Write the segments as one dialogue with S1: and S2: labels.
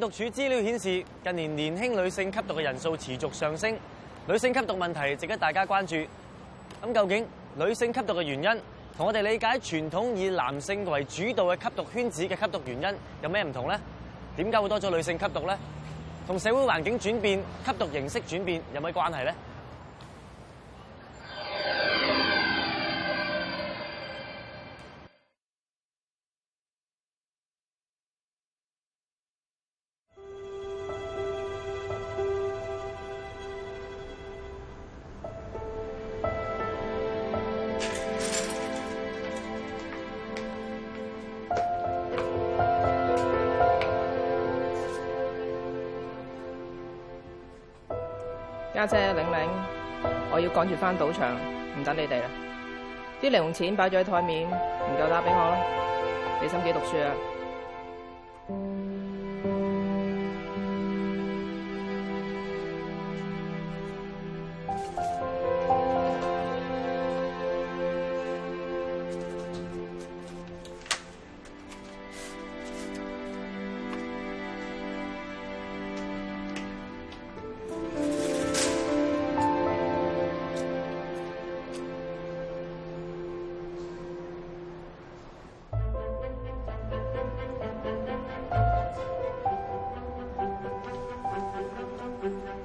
S1: 毒署資料顯示，近年年輕女性吸毒嘅人數持續上升，女性吸毒問題值得大家關注。咁究竟女性吸毒嘅原因，同我哋理解傳統以男性為主導嘅吸毒圈子嘅吸毒原因有咩唔同呢？點解會多咗女性吸毒呢？同社會環境轉變、吸毒形式轉變有咩關係呢？
S2: 趕住返賭場，唔等你哋啦！啲零用錢擺咗喺枱
S3: 面，唔夠打俾我咯！你心機讀書啊！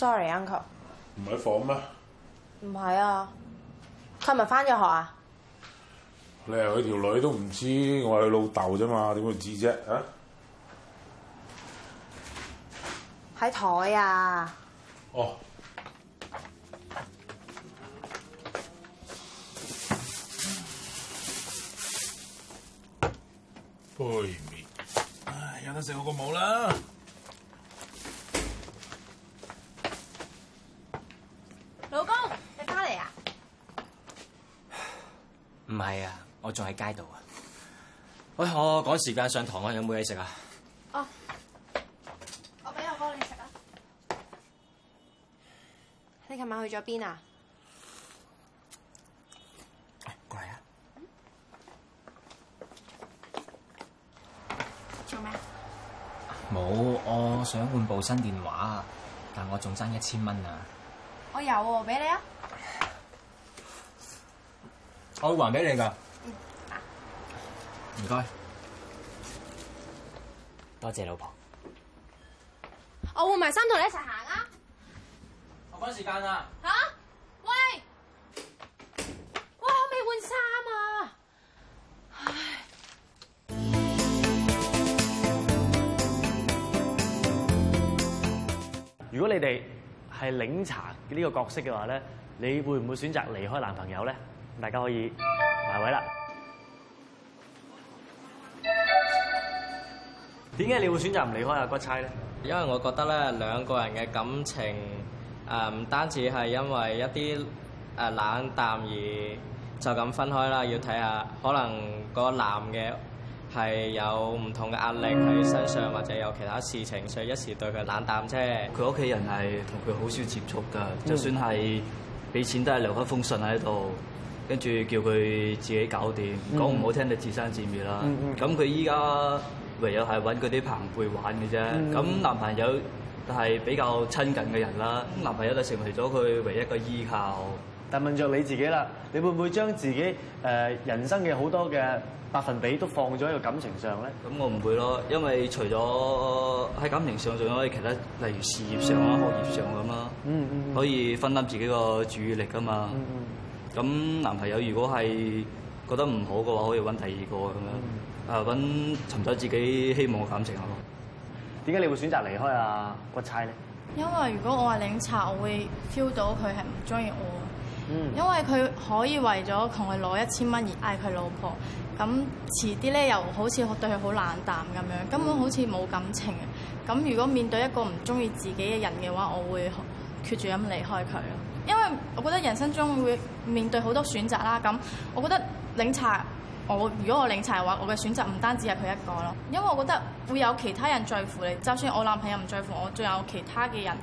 S4: sorry，uncle，唔喺房咩？唔係啊，佢咪係翻咗學啊？你
S5: 係佢條女都唔知，我係佢老豆啫嘛，點會知啫？啊！
S2: 喺台啊。
S3: 哦。杯麵，唉，有得食
S4: 好過冇啦。
S1: 我仲喺街度啊！喂、哎，我趕時間上堂啊，有冇嘢食啊？
S4: 哦，我俾阿哥你食啊！你琴晚去咗邊啊？過嚟啊！嗯、
S2: 做咩？
S1: 冇，我想換部新電話，但我仲爭一千蚊啊！
S4: 我有喎，俾你啊！
S3: 我會還俾你噶。唔該，多謝，謝老婆。
S4: 我換埋衫同你一齊行啊！我趕時間啊！嚇？喂！喂，我未換衫啊！唉，
S1: 如果你哋係檸茶呢個角色嘅話咧，你會唔會選擇離開男朋友咧？大家可以埋位啦。點解你會選擇唔離開阿、啊、骨差咧？因為我覺得咧，兩個人嘅感情誒唔、呃、單止係因為一啲誒、呃、冷淡而就咁分開啦。要睇下可能個男嘅係有唔同嘅壓力喺身上，或者有其他事情，所以一時對佢冷淡啫。佢屋企人係同佢好少接觸噶，嗯、就算係俾錢都係留一封信喺度，跟住叫佢自己搞掂。講唔、嗯、好聽，就自生自滅啦。咁佢依家，唯有係揾嗰啲朋輩玩嘅啫，咁、嗯、男朋友就係比較親近嘅人啦。嗯、男朋友就成為咗佢唯一嘅依靠。但問着你自己啦，你會唔會將自己誒、呃、人生嘅好多嘅百分比都放咗喺個感情上咧？咁我唔會咯，因為除咗喺、呃、感情上，仲可以其他，例如事業上啊、嗯、學業上咁咯，嗯嗯、可以分擔自己個注意力㗎嘛。咁、
S5: 嗯
S1: 嗯嗯、男朋友如果係覺得唔好嘅話，可以揾第二個咁樣。嗯誒揾尋找自己希望嘅感情好，好？點解你會選擇離開啊？骨差咧？
S4: 因為如果我係領察，我會 feel 到佢係唔中意我。嗯。因為佢可以為咗同佢攞一千蚊而嗌佢老婆，咁遲啲咧又好似對佢好冷淡咁樣，根本好似冇感情。咁如果面對一個唔中意自己嘅人嘅話，我會決絕咁離開佢咯。因為我覺得人生中會面對好多選擇啦。咁我覺得領察。我如果我領齊嘅話，我嘅選擇唔單止係佢一個咯，因為我覺得會有其他人在乎你。就算我男朋友唔在乎我，仲有其他嘅人，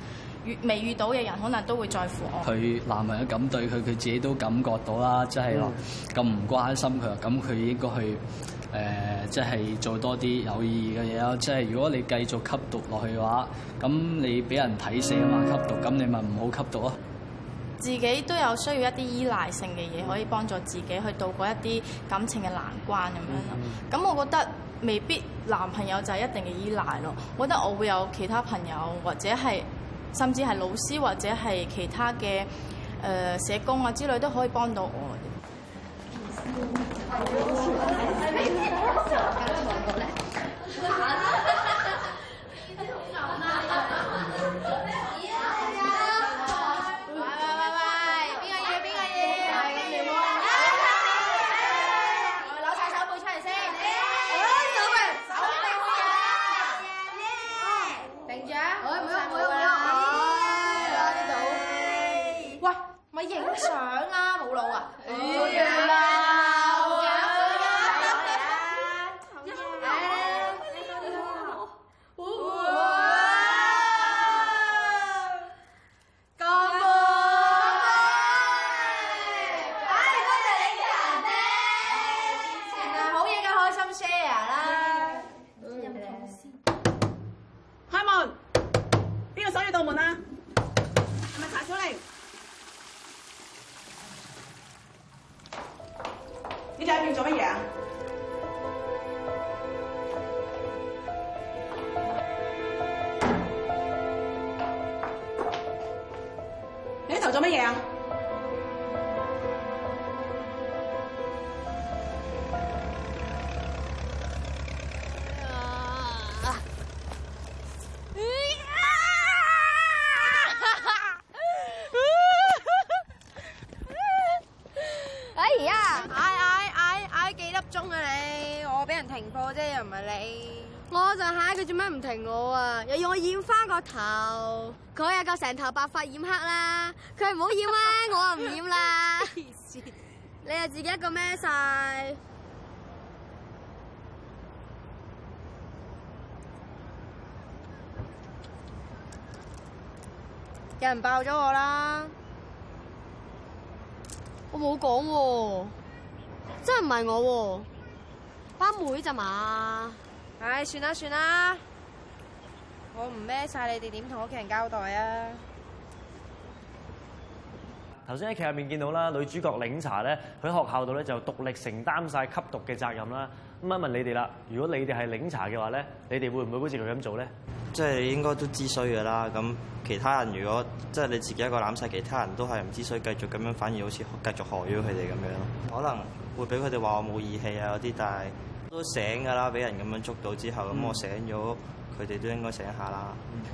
S4: 遇未遇到嘅人可能都會在乎我。佢男朋友咁對佢，佢自己都感覺到啦，即係咁唔關心
S1: 佢，咁佢應該去誒，即係做多啲有意義嘅嘢咯。即係如果你繼續吸毒落去嘅話，咁你俾人睇死啊嘛！吸毒，咁你咪唔好吸毒咯。
S4: 自己都有需要一啲依賴性嘅嘢，可以幫助自己去度過一啲感情嘅難關，咁樣咯。咁、嗯、我覺得未必男朋友就係一定嘅依賴咯。我覺得我會有其他朋友，或者係甚至係老師或者係其他嘅、誒、呃、社工啊之類都可以幫到我。 想啊，冇腦啊，好嘢啊！
S2: 做
S5: 乜嘢啊？
S4: 哎呀！哎哎哎哎，幾粒鐘啊你？我俾人停課啫，又唔係你。
S5: 我就喊，佢做咩唔停我啊？又要我染翻個頭？佢又夠成頭白髮染黑啦。佢唔好要咩、啊，我唔要啦。 病你係自己一個孭晒，
S4: 有人爆咗我啦！
S2: 我冇講喎，真係唔係我喎、啊，班妹咋嘛？唉、哎，算啦算啦，
S4: 我唔孭晒你哋，點同屋企人交代啊？
S1: 頭先喺劇入面見到啦，女主角檸茶咧，喺學校度咧就獨力承擔晒吸毒嘅責任啦。咁問問你哋啦，如果你哋係檸茶嘅話咧，你哋會唔會好似佢咁
S3: 做咧？即係應該都知衰噶啦。咁其他人如果即係你自己一個攬晒，其他人都係唔知衰，繼續咁樣，反而好似繼續害咗佢哋咁樣。可能會俾佢哋話我冇義氣啊嗰啲，但係。都醒噶啦，俾人咁樣捉到之後，咁、嗯、我醒咗，佢哋都應該醒下啦。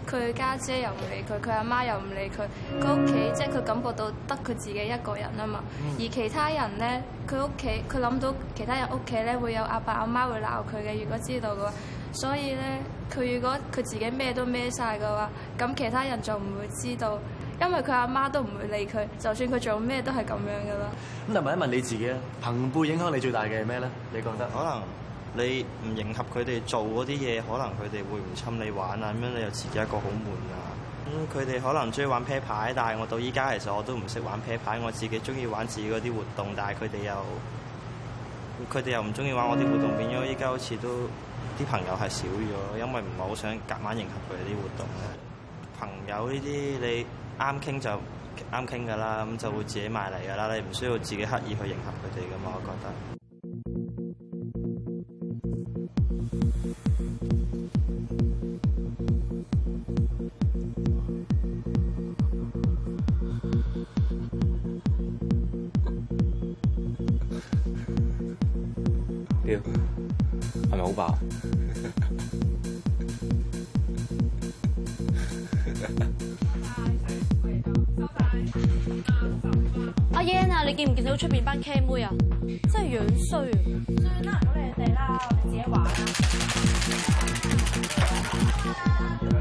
S2: 佢家姐，姐又唔理佢，佢阿媽又唔理佢，佢屋企即係佢感覺到得佢自己一個人啊嘛。嗯、而其他人咧，佢屋企佢諗到其他人屋企咧會有阿爸阿媽，媽會鬧佢嘅，如果知道嘅話，所以咧佢如果佢自己咩都孭晒嘅話，咁其他人就唔會知道，因為佢阿媽都唔會理佢，就算佢做咩都係咁樣噶啦。咁
S1: 嚟問一問你自己啊，朋輩影響你最大
S3: 嘅係咩咧？你覺得可能？你唔迎合佢哋做嗰啲嘢，可能佢哋會唔侵你玩啊？咁樣你又自己一個好悶啊！咁佢哋可能中意玩啤牌，但係我到依家其實我都唔識玩啤牌，我自己中意玩自己嗰啲活動，但係佢哋又佢哋又唔中意玩我啲活動，變咗依家好似都啲朋友係少咗，因為唔係好想夾硬迎合佢哋啲活動啊。朋友呢啲你啱傾就啱傾㗎啦，咁就會自己埋嚟㗎啦，你唔需要自己刻意去迎合佢哋㗎嘛，我覺得。
S2: 阿 A Yan 啊，你見唔見到出邊班 K 妹啊？真係樣衰、啊、算啦，唔好理人哋啦，我哋自己玩啊！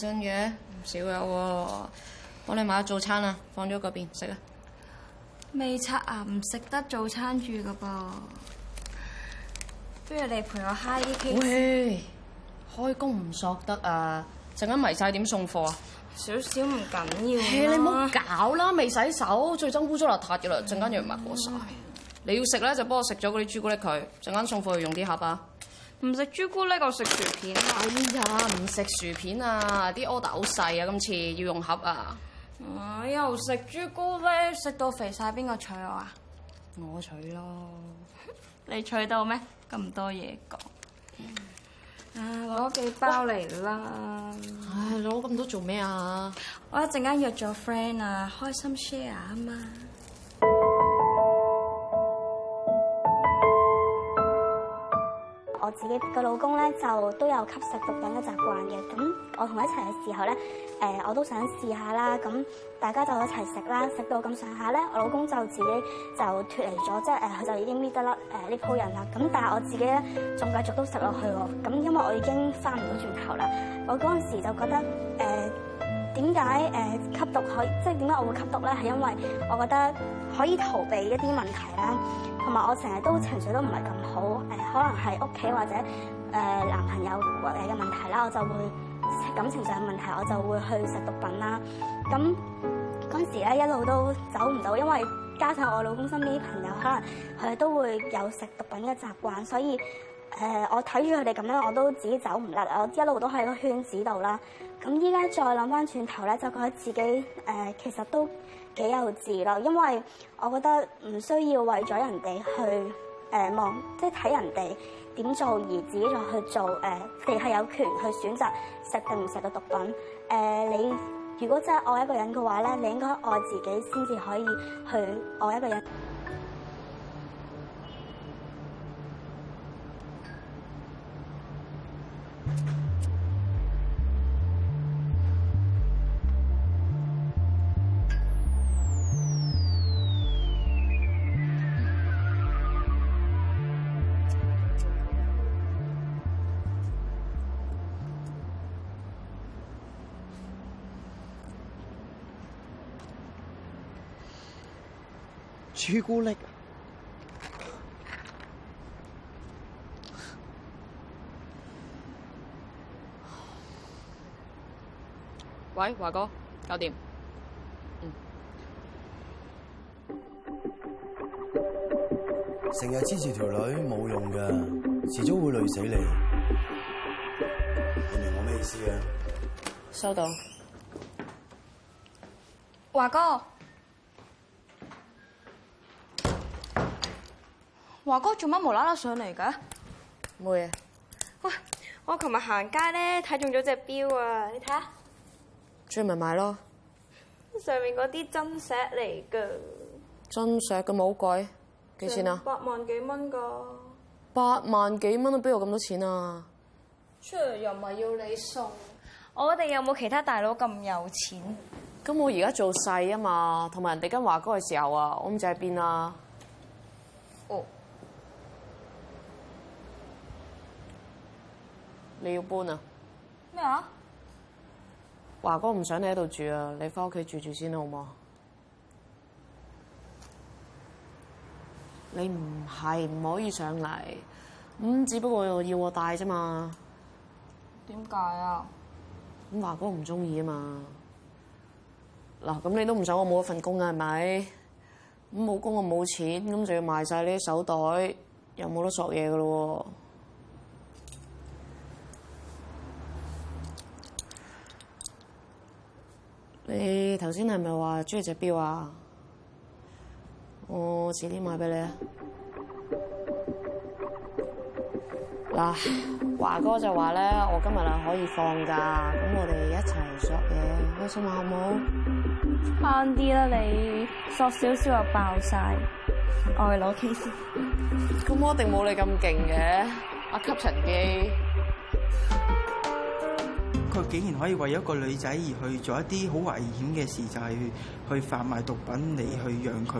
S2: 真嘅唔少有喎，幫你買咗早餐啦，放咗嗰邊食啦。未拆啊，唔食得早餐住噶噃。不如你陪我 high 啲先。喂，開工唔索得啊！陣間迷晒點送貨啊？少少唔緊要。你唔好搞啦，未洗手，最憎污糟邋遢嘅啦，陣間又唔抹過曬。唉你要食咧就幫我食咗嗰啲朱古力佢，陣間送貨用啲盒啊。唔食朱古力，我食薯片。哎呀，唔食薯片啊！啲 order 好細啊，今次要用盒啊！哎，又食朱古力，食到肥晒，邊個娶我啊？我娶咯，你娶到咩？咁多嘢講，啊，攞幾包嚟啦！唉，攞咁多做咩啊？我一陣間約咗
S5: friend 啊，開心 share 啊嘛～我自己個老公咧就都有吸食毒品嘅習慣嘅，咁我同佢一齊嘅時候咧，誒、呃、我都想試下啦，咁大家就一齊食啦，食到咁上下咧，我老公就自己就脫離咗，即係誒佢就已經搣得甩誒呢鋪人啦，咁但係我自己咧仲繼續都食落去喎，咁因為我已經翻唔到轉頭啦，我嗰陣時就覺得。點解誒吸毒可以？即係點解我會吸毒咧？係因為我覺得可以逃避一啲問題啦，同埋我成日都情緒都唔係咁好誒，可能係屋企或者誒男朋友嘅問題啦，我就會感情上問題，我就會，我就會去食毒品啦。咁嗰時咧一路都走唔到，因為加上我老公身邊啲朋友，可能佢哋都會有食毒品嘅習慣，所以誒我睇住佢哋咁樣，我都自己走唔甩，我一路都喺個圈子度啦。咁依家再諗翻轉頭咧，就覺得自己誒、呃、其實都幾幼稚咯，因為我覺得唔需要為咗人哋去誒望，即係睇人哋點做而自己就去做誒。人、呃、係有權去選擇食定唔食嘅毒品。誒、呃，你如果真係愛一個人嘅話咧，你應該愛自己先至可以去愛一個人。
S3: 朱古力。
S2: 喂，華哥，搞掂。嗯。
S1: 成日黐住條女冇用㗎，遲早會累死你。你你明唔明我咩意思啊？
S2: 收到。華哥。華哥做乜無啦啦上嚟噶？冇嘢事。喂，我琴日行街咧，睇中咗隻錶啊，你睇下。即係咪買咯？
S4: 上面嗰啲真石嚟噶。
S2: 真石咁好貴，
S4: 幾錢啊？
S2: 八萬幾蚊噶。八萬幾蚊都俾我咁多錢啊？出嚟，又唔係要你送？我哋有冇其他大佬咁有錢？咁、嗯、我而家做細啊嘛，同埋人哋跟華哥嘅時候啊，我唔知喺邊啊。哦。你要搬啊？咩啊？華哥唔想你喺度住啊，你翻屋企住住先好唔好？你唔係唔可以上嚟，咁只不過要我帶啫嘛。點解啊？咁華哥唔中意啊嘛。嗱，咁你都唔想我冇一份工啊？係咪？咁冇工我冇錢，咁就要賣晒你啲手袋，又冇得索嘢噶咯喎。你頭先係咪話中意隻表啊？我遲啲買俾你啊！嗱，華哥就話咧，我今日啊可以放假，咁我哋一齊索嘢，你信我好唔好？慳啲啦，你索少少就爆晒。我去攞 K 先。 咁我一定冇你咁勁嘅，阿、啊、吸塵機。
S3: 佢竟然可以為一個女仔而去做一啲好危險嘅事，就係去販賣毒品，你去養佢。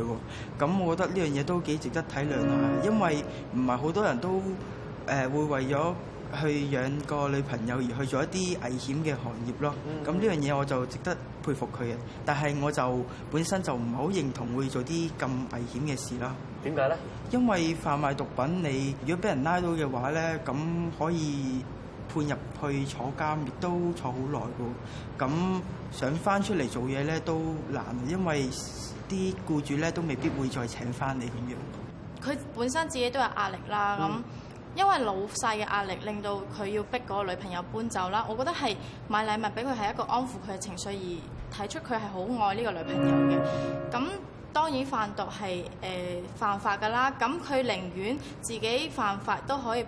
S3: 咁我覺得呢樣嘢都幾值得體諒下，因為唔係好多人都誒會為咗去養個女朋友而去做一啲危險嘅行業咯。咁呢樣嘢我就值得佩服佢啊。但係我就本身就唔好認同會做啲咁危險嘅事啦。點解咧？因為販賣毒品，你如果俾人拉到嘅話咧，咁可以。判入去坐監亦都坐好耐嘅。咁想翻出嚟做嘢咧都難，因為啲僱主咧都未必會再請翻你點樣？
S4: 佢本身自己都有壓力啦，咁、嗯、因為老細嘅壓力令到佢要逼嗰個女朋友搬走啦。我覺得係買禮物俾佢係一個安撫佢嘅情緒，而睇出佢係好愛呢個女朋友嘅。咁當然販毒係誒、呃、犯法㗎啦，咁佢寧願自己犯法都可以。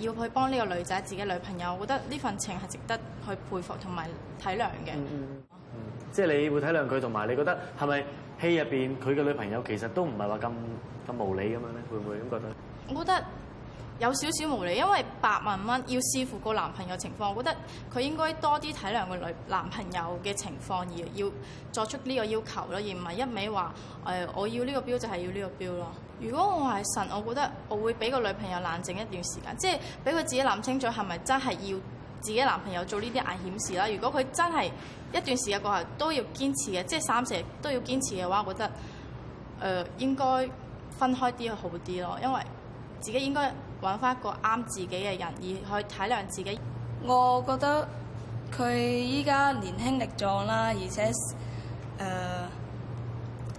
S4: 要去幫呢個女仔自己女朋友，我覺得呢份情係值得去佩服同埋體諒嘅、
S1: 嗯。嗯，嗯即係你會體諒佢，同埋你覺得係咪戲入邊佢嘅女朋友其實都唔係話咁咁無理咁樣咧？會唔
S2: 會咁覺得？
S4: 我覺得有少少無理，因為八萬蚊要視乎個男朋友情況，我覺得佢應該多啲體諒個女男朋友嘅情況而要作出呢個要求咯，而唔係一味話誒、呃、我要呢個標就係要呢個標咯。如果我係神，我覺得我會俾個女朋友冷靜一段時間，即係俾佢自己諗清楚係咪真係要自己男朋友做呢啲危險事啦。如果佢真係一段時間過後都要堅持嘅，即係三成都要堅持嘅話，我覺得誒、呃、應該分開啲好啲咯，因為自己應該揾翻一個啱自己嘅人，而可以體諒自己。
S2: 我覺得佢依家年輕力壯啦，而且誒。呃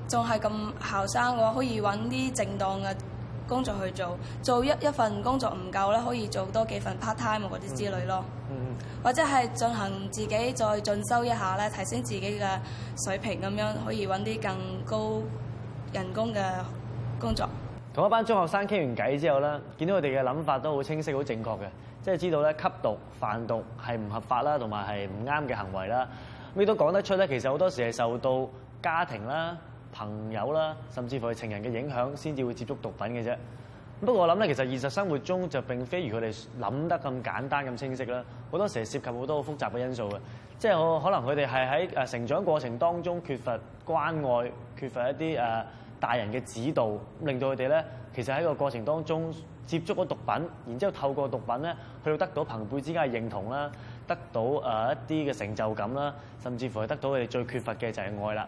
S2: 仲係咁後生嘅話，可以揾啲正當嘅工作去做。做一一份工作唔夠咧，可以做多幾份 part time 嗰啲之類咯。嗯，嗯，或者係進行自己再進修一下咧，提升自己嘅水平咁樣，可以揾啲更高人工嘅工作。
S1: 同一班中學生傾完偈之後咧，見到佢哋嘅諗法都好清晰、好正確嘅，即係知道咧吸毒、販毒係唔合法啦，同埋係唔啱嘅行為啦。咁亦都講得出咧，其實好多時係受到家庭啦。朋友啦，甚至乎係情人嘅影響先至會接觸毒品嘅啫。不過我諗咧，其實現實生活中就並非如佢哋諗得咁簡單咁清晰啦。好多時係涉及好多好複雜嘅因素嘅。即係我可能佢哋係喺誒成長過程當中缺乏關愛，缺乏一啲誒大人嘅指導，令到佢哋咧其實喺個過程當中接觸咗毒品，然之後透過毒品咧去到得到朋輩之間嘅認同啦，得到誒一啲嘅成就感啦，甚至乎係得到佢哋最缺乏嘅就係愛啦。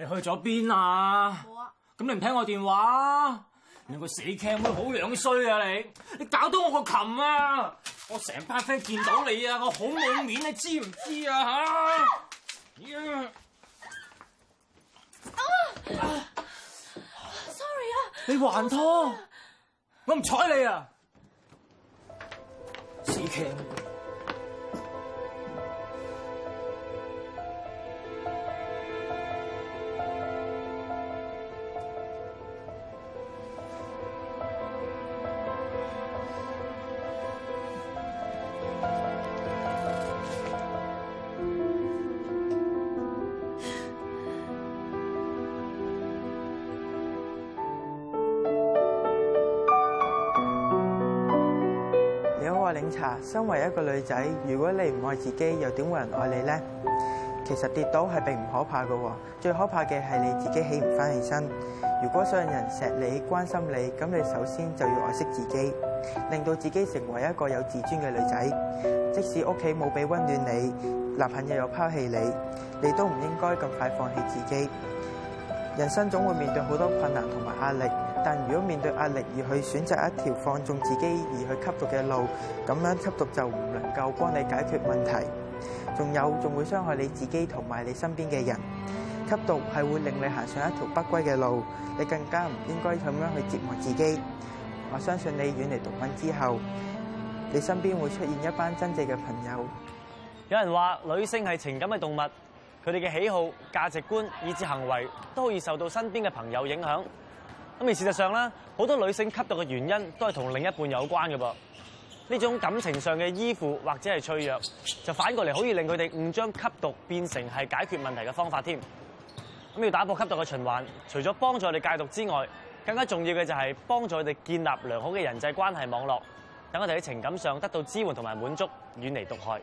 S1: 你去咗邊啊？冇啊！咁你唔聽我電話？你個死 cam 妹好樣衰啊！你你搞到我個琴啊！我成班 friend 見到你啊！我好冇面，你知唔知啊？吓！呀！
S4: 啊！sorry 啊！
S1: 你還拖？啊、我唔睬你啊！死 cam！
S3: 領查，身為一個女仔，如果你唔愛自己，又點會有人愛你呢？其實跌倒係並唔可怕噶，最可怕嘅係你自己起唔翻起身。如果想人錫你、關心你，咁你首先就要愛惜自己，令到自己成為一個有自尊嘅女仔。即使屋企冇俾溫暖你，男朋友又拋棄你，你都唔應該咁快放棄自己。人生總會面對好多困難同埋壓力。但如果面對壓力而去選擇一條放縱自己而去吸毒嘅路，咁樣吸毒就唔能夠幫你解決問題，仲有仲會傷害你自己同埋你身邊嘅人。吸毒係會令你行上一條不歸嘅路，你更加唔應該咁樣去折磨自己。我相信你遠離毒品之後，你身邊會出現一班真正嘅朋友。
S1: 有人話女性係情感嘅動物，佢哋嘅喜好、價值觀以至行為都可以受到身邊嘅朋友影響。咁而事實上咧，好多女性吸毒嘅原因都係同另一半有關嘅噃。呢種感情上嘅依附或者係脆弱，就反過嚟可以令佢哋誤將吸毒變成係解決問題嘅方法添。咁要打破吸毒嘅循環，除咗幫助佢哋戒毒之外，更加重要嘅就係幫助佢哋建立良好嘅人際關係網絡，等佢哋喺情感上得到支援同埋滿足，遠離毒害。